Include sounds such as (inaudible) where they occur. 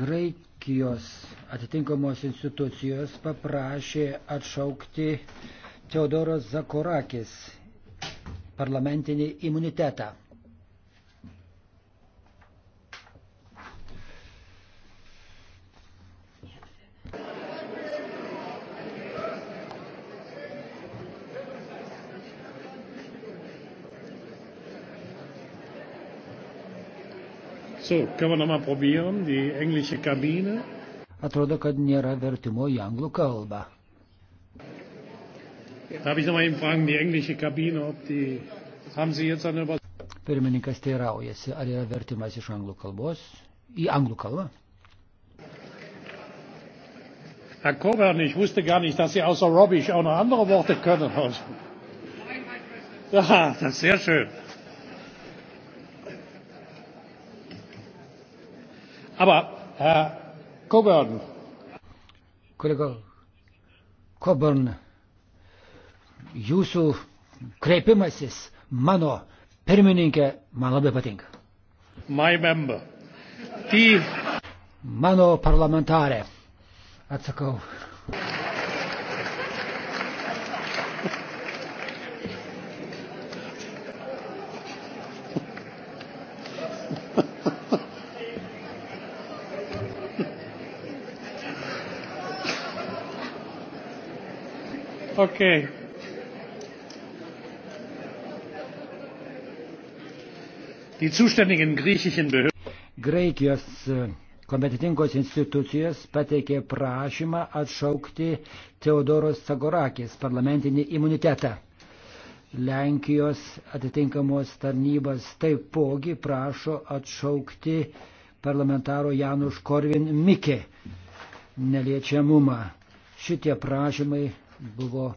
Graikijos atitinkamos institucijos paprašė atšaukti Teodoros Zakorakis parlamentinį imunitetą. So, können wir nochmal probieren, die englische Kabine. Atrodo, kad nėra vertimo į anglų kalbą. Darf ich nochmal eben fragen, die englische Kabine, ob die, haben Sie jetzt eine Übersetzung? Pirmininkas teiraujasi, ar yra vertimas iš anglų kalbos į anglų kalbą? Herr Coburn, ich wusste gar nicht, dass Sie außer Rubbish auch noch andere Worte können. (laughs) Ja, das ist sehr schön. Aber, Herr Coburn. Kolega Coburn, jūsų kreipimasis mano pirmininkė man labai patinka. My member. Die... Mano parlamentarė. Atsakau. Okay. Die zuständigen griechischen Behörden. Graikijos e, kompetitingos institucijos pateikė prašymą atšaukti Teodoros Sagorakis parlamentinį imunitetą. Lenkijos atitinkamos tarnybas taipogi prašo atšaukti parlamentaro Januš Korvin Mikė neliečiamumą. Šitie prašymai buvo